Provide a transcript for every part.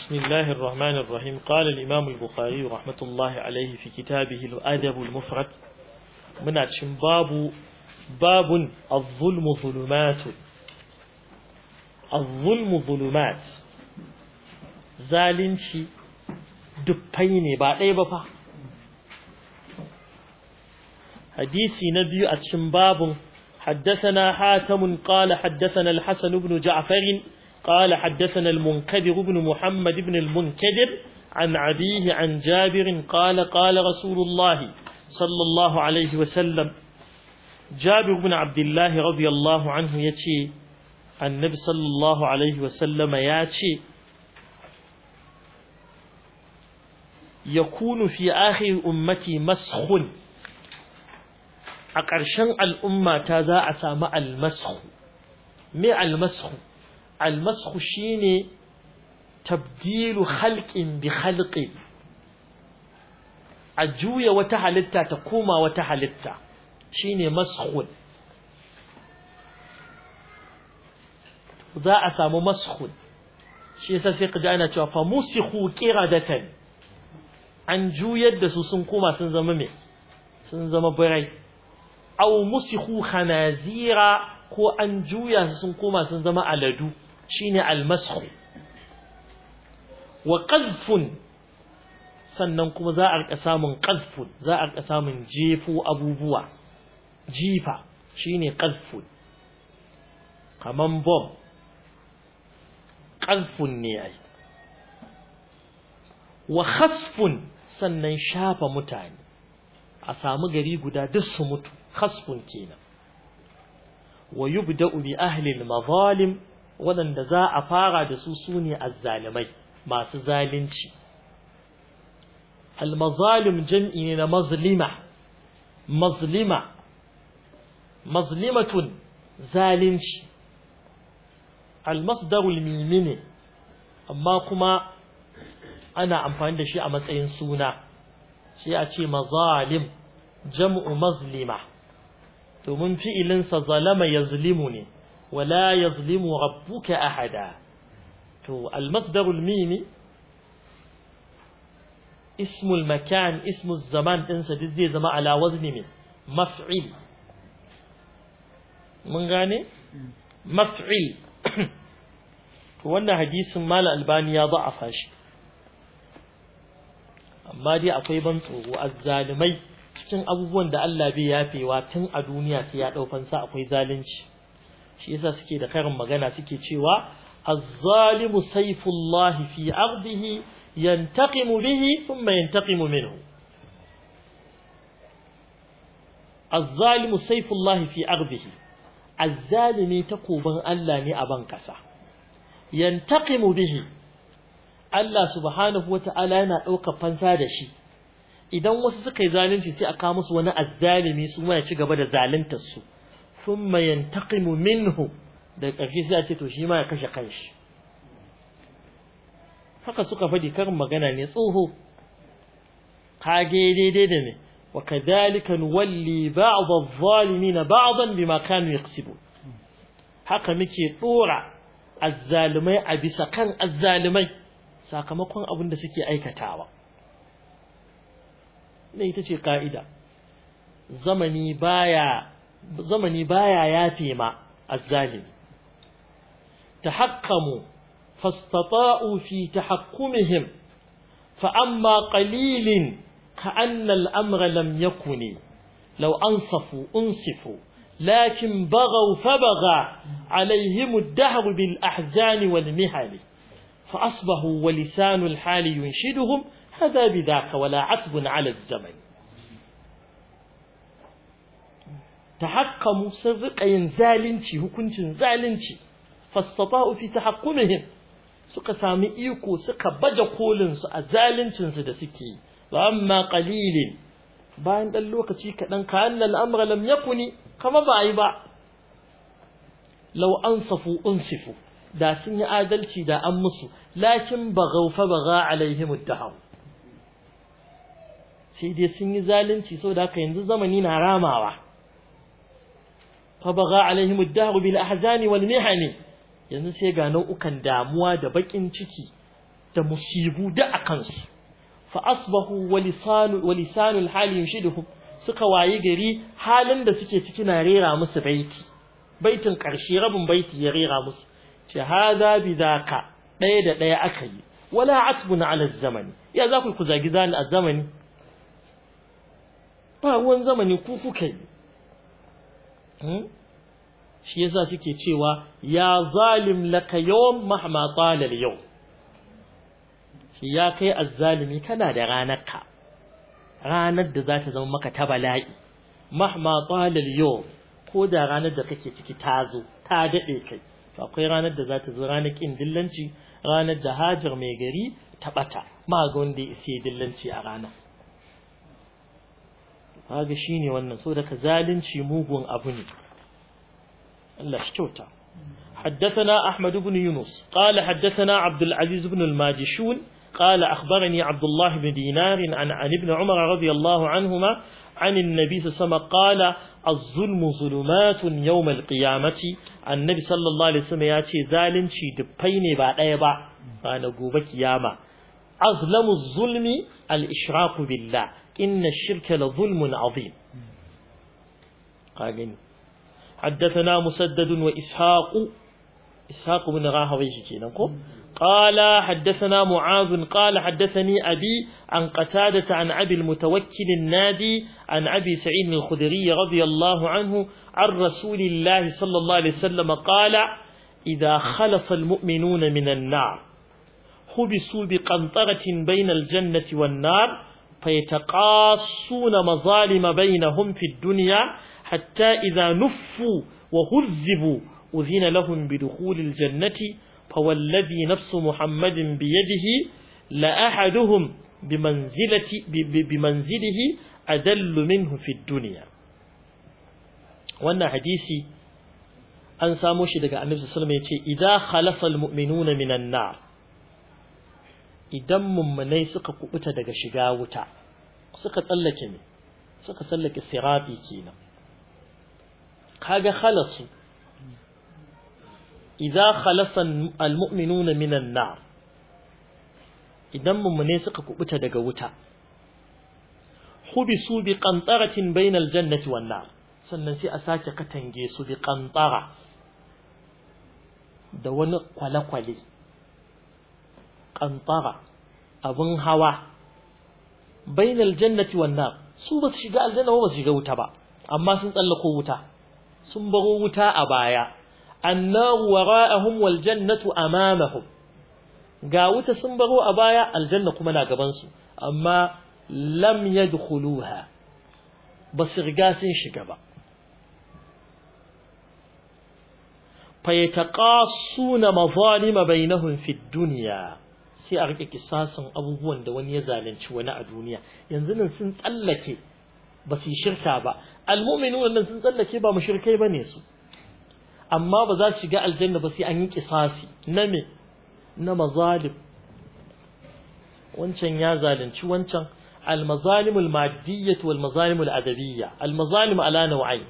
بسم الله الرحمن الرحيم قال الإمام البخاري رحمة الله عليه في كتابه الأدب المفرد من أتشم باب باب الظلم ظلمات الظلم ظلمات zalunci dubbai ne ba بفا حديثي نبي hadisi باب حدثنا حاتم قال حدثنا الحسن بن جعفر قال حدثنا المنكدر بن محمد بن المنكدر عن أبيه عن جابر قال قال رسول الله صلى الله عليه وسلم جابر بن عبد الله رضي الله عنه يتي النبي صلى الله عليه وسلم ياتي يكون في آخر أمتي مسخ أقرشن الأمة تذا أسامى المسخ ما المسخ المسخ شيني تبديل خلق بخلق عجوية وتحلتا تقوم وتحلتا شيني مسخ ضاع سامو مسخ شيني سيق جانا فمسخوا كرادة عجوية دسو سنقوما سنزممي سنزم بري أو مسخوا خنازيرا ko an juya sun koma sun zama aladu shine almashu wa qadfun sannan kuma za a rika samun qadfun za a rika samun jefu abubuwa jifa shine qadfun kaman bom, qadfun ne ai wa khasfun sannan shafa mutane a samu gari guda duk su mutu khasfun kenan wa yubda'u bi ahli al-mazalim waɗanda za a fara da su su ne azzalimai masu zalunci almazalim jam'i ne na mazlima mazlima mazlimatun zalunci almasdarul mimi ne amma kuma ana amfani da shi a matsayin suna sai a ce mazalim jam'u mazlima domin fi'ilinsa zalama ya zulimu ne ولا يظلم ربك أحدا تو المصدر الميمي اسم المكان اسم الزمان انسى دزي زما على وزن من مفعل من غاني مفعل wannan hadisin mala albani ya ba'afa shi amma dai akwai ban tsoro azzalimai cikin abubuwan da Allah bai yafewa tun a duniya sai ya dau akwai zalunci shi yasa suke da karin magana suke cewa az-zalimu sayfullah fi ardihi yantaqimu bihi thumma yantaqimu minhu az-zalimu sayfullah fi ardihi az-zalimi takuban Allah ne a ban kasa yantaqimu bihi Allah subhanahu wata'ala yana ɗaukar fansa da shi idan wasu suka yi zalunci sai a kawo musu wani azzalimi su ma ya ci gaba da zaluntar su ثم ينتقم minhu da ƙarshe sai a ce to shi ma ya kashe kanshi haka suka faɗi karin magana ne tsoho kage daidai da ne wa kadhalika nuwalli ba'd adh-dhalimin ba'dan bima kanu yaqsibun haka muke ɗora azzalumai a bisa kan azzalumai sakamakon abin da suke aikatawa ne ita ce ka'ida zamani baya zamani baya yafe ma azzalimi tahaqqamu fastata'u fi tahakkumihim fa كأن الأمر لم يكن لو أنصفوا أنصفوا لكن بغوا فبغى عليهم الدهر بالأحزان والمهل فأصبحوا ولسان الحال ينشدهم هذا بذاك ولا عتب على الزمن Da tahakkamu sun rika yin zalunci hukuncin zalunci fastata'u fi tahakkumihim suka samu iko suka baje kolinsu a zaluncinsu da suke wa amma qalilin bayan ɗan lokaci kaɗan, ka annal amra lam yakuni kama ba yi ba law ansafu unsifu da sun yi adalci da an musu lakin baghaw fa bagha alaihim ad-dahr sai dai sun yi zalunci saboda haka yanzu zamani na ramawa فبغى عليهم الدهر بالأحزان والمحن yanzu sai ga nau'ukan damuwa da bakin ciki da musibu da akansu fa asbahu walisanu walisanul hali yunshiduhum suka waye gari halin da suke ciki na rera musu baiti baitin karshe rabin baiti ya rera musu ce hadha bidaka daya da daya aka yi wala atbun ala zamani ya za ku ku zagi zani a zamani ba ruwan zamani ku kuka yi Hmm? shi yasa suke cewa ya zalim laka yawm mahma tala yau shi ya kai azzalimi kana da ranarka ranar da za ta zama maka ta bala'i mahma tala yau ko da ranar da kake ciki ta zo ta dade kai to akwai ranar da za ta zo ranar kin dillanci ranar da hajar mai gari ta bata ma ga wanda ya dillanci a ranar kaga shine wannan so daga zalunci mugun abu ne Allah shi kyauta حدثنا أحمد بن يونس قال حدثنا عبد العزيز بن الماجشون قال أخبرني عبد الله بن دينار عن, عن ابن عمر رضي الله عنهما عن النبي صلى الله عليه وسلم قال الظلم ظلمات يوم القيامة النبي صلى الله عليه وسلم ياتي ذالن شي دبين بعد أيبا أنا قوبك ياما أظلم الظلم الإشراق بالله إن الشرك لظلم عظيم قال حدثنا مسدد وإسحاق إسحاق بن راهويه قال حدثنا معاذ قال حدثني أبي عن قتادة عن أبي المتوكل النادي عن أبي سعيد الخدري رضي الله عنه عن رسول الله صلى الله عليه وسلم قال إذا خلص المؤمنون من النار خبسوا بقنطرة بين الجنة والنار فيتقاصون مظالم بينهم في الدنيا حتى إذا نفوا وهذبوا أذن لهم بدخول الجنة فوالذي نفس محمد بيده لأحدهم بمنزلة بمنزله أدل منه في الدنيا وأن حديثي أن ساموشي دقاء النبي صلى الله عليه وسلم إذا خلف المؤمنون من النار idan mummunai suka kubuta daga shiga wuta suka tsallake ne suka tsallake sirati kenan kaga khalasu idza khalasa almu'minuna minan nar idan mummunai suka kubuta daga wuta hubisu bi qantaratin bainal jannati wan nar sannan sai a sake katange su bi qantara da wani kwale-kwale alƙantara abin hawa bainal jannati wan nar su ba su shiga aljanna ba su shiga wuta ba amma sun tsallako wuta sun baro wuta a baya annaru wara'ahum wal jannatu amamahum ga wuta sun baro a baya aljanna kuma na gaban su amma lam yadkhuluha ba su riga sun shiga ba fa yataqasuna mazalima bainahum fid dunya sai a rike kisasin abubuwan da wani ya zalunci wani a duniya yanzu nan sun tsallake ba su shirka ba almu'minun nan sun tsallake ba mu shirkai bane su amma ba za su shiga aljanna ba sai an yi kisasi na me na mazalim wancan ya zalunci wancan المظالم المادية والمظالم الأدبية المظالم على نوعين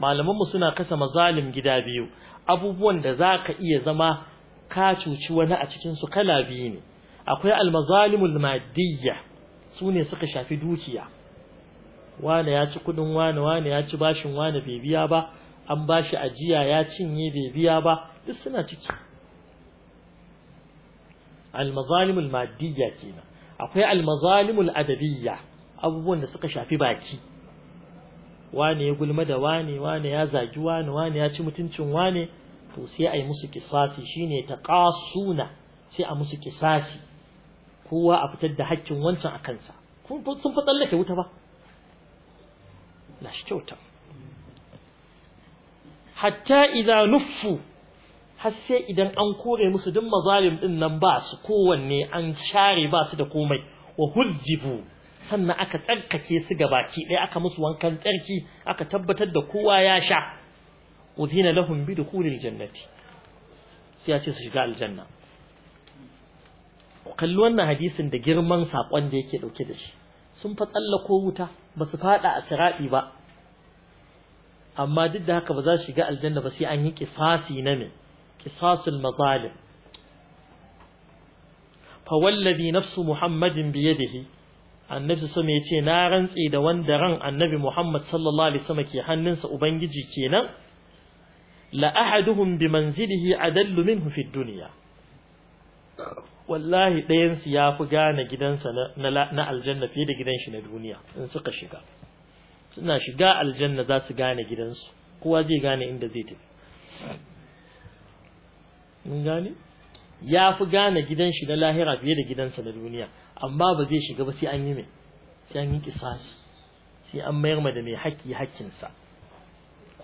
malamanmu suna kasa mazalim gida biyu abubuwan da za ka iya zama ka cuci wani a cikin su kala biyu ne akwai almazalimul madiyya su ne suka shafi dukiya wane ya ci kudin wane wane ya ci bashin wane bai biya ba an bashi ajiya ya cinye bai biya ba duk suna ciki almazalimul madiyya kenan akwai almazalimul adabiyya abubuwan da suka shafi baki wane ya gulma da wane wane ya zagi wane wane ya ci mutuncin wane to sai a musu kisasi shine ta kasuna sai a musu kisasi kowa a fitar da haƙƙin wancan a kansa sun fi tsallake wuta ba na shi kyauta hatta idan nufu har sai idan an kore musu duk mazalim din nan ba su kowanne an share ba su da komai wa hujjibu sannan aka tsarkake su gabaki ɗaya aka musu wankan tsarki aka tabbatar da kowa ya sha udhina lahum bi dukhulil jannati sai ya ce su shiga aljanna kalli wannan hadisin da girman sakon da yake dauke da shi sun fa tsallako wuta ba su fada a ba amma duk da haka ba za su shiga aljanna ba sai an yi kisasi na me kisasul mazalim fa wallazi nafsu muhammadin bi yadihi annabi sama yace na rantsi da wanda ran annabi muhammad sallallahu alaihi wasallam ke hannunsa ubangiji kenan la ahaduhum bi manzilihi adallu minhu fi dunya wallahi ɗayan su ya fi gane gidansa na aljanna fiye da gidan shi na duniya in suka shiga suna shiga aljanna za su gane gidansu kowa zai gane inda zai tafi mun gane ya fi gane gidan shi na lahira fiye da gidansa na duniya amma ba zai shiga ba sai an yi mai sai an yi kisasi sai an mayar ma da mai haƙƙi haƙƙinsa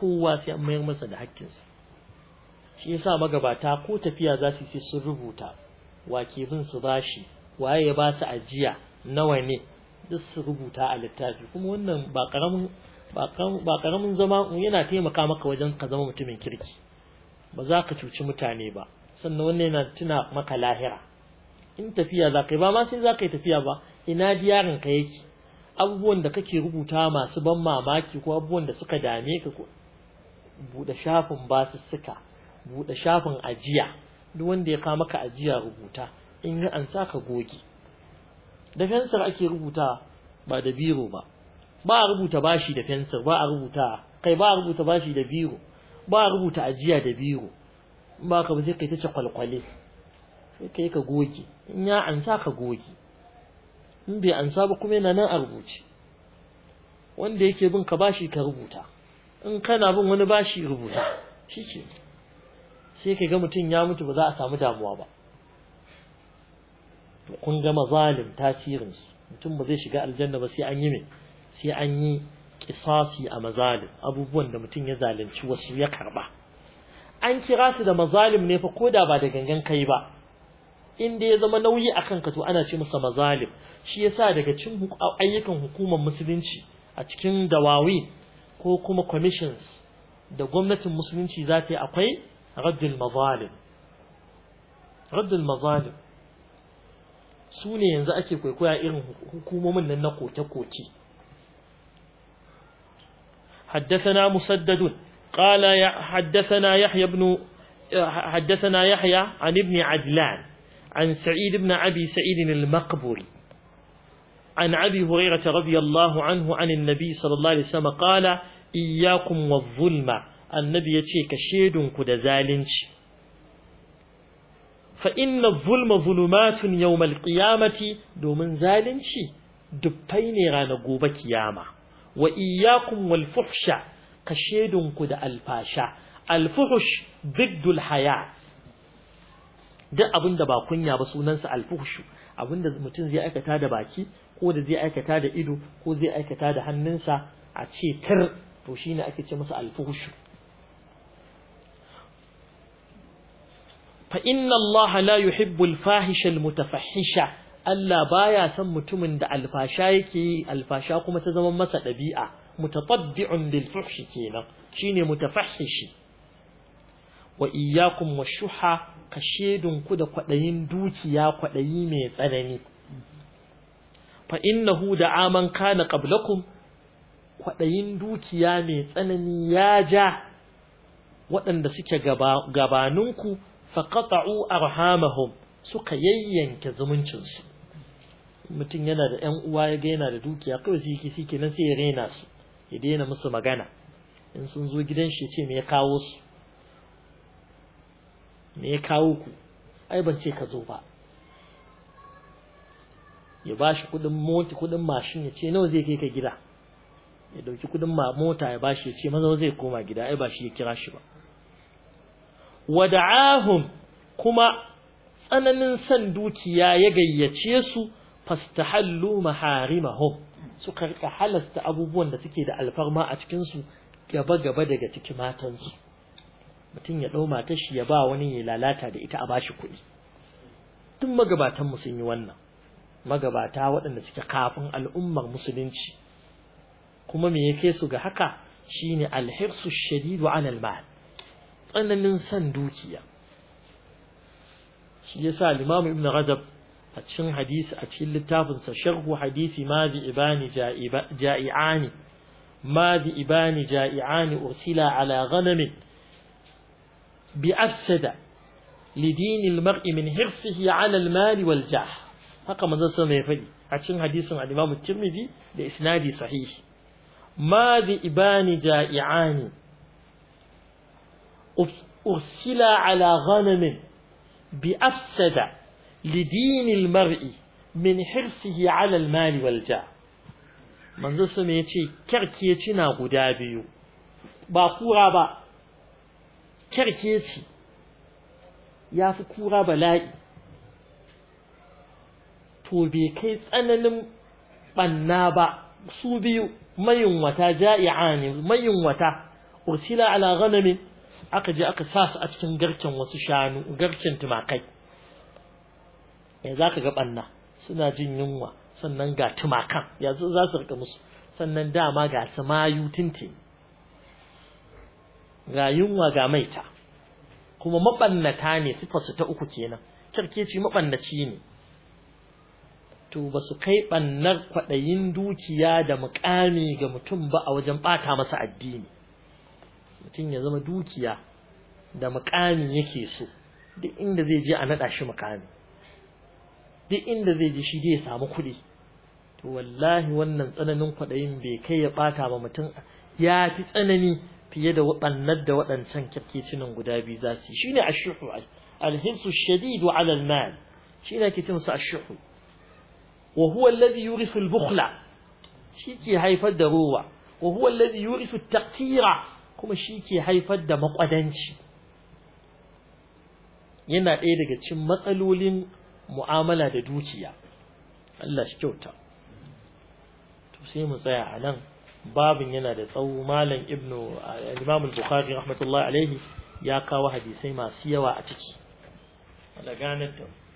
kowa sai an mayar masa da hakkinsa shi yasa magabata ko tafiya za su yi sun rubuta wake bin su bashi waye ya ba su ajiya nawa ne duk su rubuta a littafi kuma wannan ba karamin ba karamin zama yana taimaka maka wajen ka zama mutumin kirki ba za ka cuci mutane ba sannan wannan yana tuna maka lahira in tafiya za ka yi ba ma sai za ka yi tafiya ba ina diyarin ka yake abubuwan da kake rubuta masu ban mamaki ko abubuwan da suka dame ka buɗe shafin basussuka buɗe shafin ajiya duk wanda ya kawo maka ajiya rubuta in yi an saka ka goge da fensir ake rubuta ba da biro ba ba a rubuta bashi da fensir ba a rubuta kai ba a rubuta bashi da biro ba a rubuta ajiya da biro ba ka ba sai kai ta ce kwalkwale sai kai ka goge in ya an saka ka goge in bai an saba ba kuma yana nan a rubuce wanda yake bin ka bashi ka rubuta in kana bin wani bashi rubuta shi ce sai ka ga mutum ya mutu ba za a samu damuwa ba kun ga mazalim tasirinsu mutum ba zai shiga aljanna ba sai an yi mai sai an yi kisasi a mazalim abubuwan da mutum ya zalunci wasu ya karba an kira su da mazalim ne fa ko da ba da gangan kai ba inda ya zama nauyi a ka to ana ce masa mazalim shi yasa daga cin ayyukan hukumar musulunci a cikin dawawi ko kuma commissions da gwamnatin musulunci za ta yi akwai raddul mazalim raddul mazalim su ne yanzu ake kwaikwaya irin hukumomin nan na koke-koke حدثنا مسدد قال حدثنا يحيى بن حدثنا يحيى عن ابن عدلان عن سعيد بن أبي سعيد المقبري عن أبي هريرة رضي الله عنه عن النبي صلى الله عليه وسلم قال إياكم والظلم النبي يتشي كشيد كد زالنش فإن الظلم ظلمات يوم القيامة دومن زالنش دبين غان قوب كيامة وإياكم والفحش كشيد كد الفاشا الفحش ضد الحياة duk abin da ba kunya ba sunansa alfuhushu abin da mutum zai aikata da baki ko zai aikata da ido ko zai aikata da hannunsa a ce tir to shine ake ce masa alfuhushu fa inna Allah la yuhibbu al-fahisha mutafahisha Allah baya son mutumin da alfasha yake alfasha kuma ta zama masa dabi'a mutatabbi'un bil fuhshi kenan shine mutafahishi wa iyyakum shuha kashedun ku da kwaɗayin dukiya kwadayi mai tsanani fa innahu da aman kana qablakum kwadayin dukiya mai tsanani ya ja waɗanda suke gabaninku fa qata'u arhamahum suka yayyanke zumuncin su mutum yana da ƴan uwa ya ga yana da dukiya kawai sai yake shi kenan sai ya rena su ya daina musu magana in sun zo gidan shi ce me ya kawo su me ya kawo ku ai ban ce ka zo ba ya bashi kudin mota kudin mashin ya ce nawa zai kai ka gida ya dauki kudin mota ya bashi ya ce maza zai koma gida ai ba shi ya kira shi ba wada'ahum kuma tsananin san dukiya ya gayyace su fastahallu maharimahum suka rika halasta abubuwan da suke da alfarma a cikin su gaba gaba daga cikin matansu mutum ya dau matar shi ya ba wani ya lalata da ita a bashi kuɗi tun magabatan mu sun yi wannan magabata waɗanda suke kafin al'ummar musulunci kuma me yake su ga haka shine alhirsu shadidu anal mal tsananin san dukiya shi yasa limamu ibn rajab a cikin hadisi a cikin littafinsa sharhu hadisi ma bi ibani ja'iani ما ذئبان جائعان أرسلا على غنم بأفسد لدين المرء من حرصه على المال والجاه haka manzo sallallahu ya faɗi a cikin hadisin al-Imam Tirmidhi da isnadi sahihi ma bi ibani ja'iani ursila ala ghanamin bi afsada lidin al-mar'i min hirsihi ala al-mal wal ja' manzo sallallahu yace kyarkeci na guda biyu ba kura ba kyarkeci yafi kura bala'i to bai kai tsananin ɓanna ba su biyu mayunwata ja'i'a ne mayunwata ursila ala ghanamin aka je aka sa su a cikin garken wasu shanu garken tumakai ya eh, za ka ga banna suna jin yunwa sannan ga tumakan ya za su rika musu sannan dama ga su mayu tintin ga yunwa ga maita kuma mabannata ne sifarsu ta uku kenan kyarkeci mabannaci ne to ba su kai ɓannar kwaɗayin dukiya da mukami ga mutum ba a wajen ɓata masa addini mutum ya zama dukiya da mukami yake so duk inda zai je a naɗa shi mukami duk inda zai je shi ya samu kuɗi to wallahi wannan tsananin kwaɗayin bai kai ya ɓata ma mutum ya fi tsanani fiye da waɗannan da waɗancan kirkicinan guda biyu za su yi shine ashuhu alhinsu shadidu alal mal shine ake cin su ashuhu wa Ladi alladhi yurisu al-bukhla shi ke haifar da rowa wa Ladi alladhi yurisu kuma shi ke haifar da makwadanci yana ɗaya daga cikin matsalolin mu'amala da dukiya Allah shi kyauta to sai mu tsaya a nan babin yana da tsawo malam ibnu eh, imam al-bukhari rahmatullahi alaihi ya kawo hadisai masu yawa a ciki Allah ganar da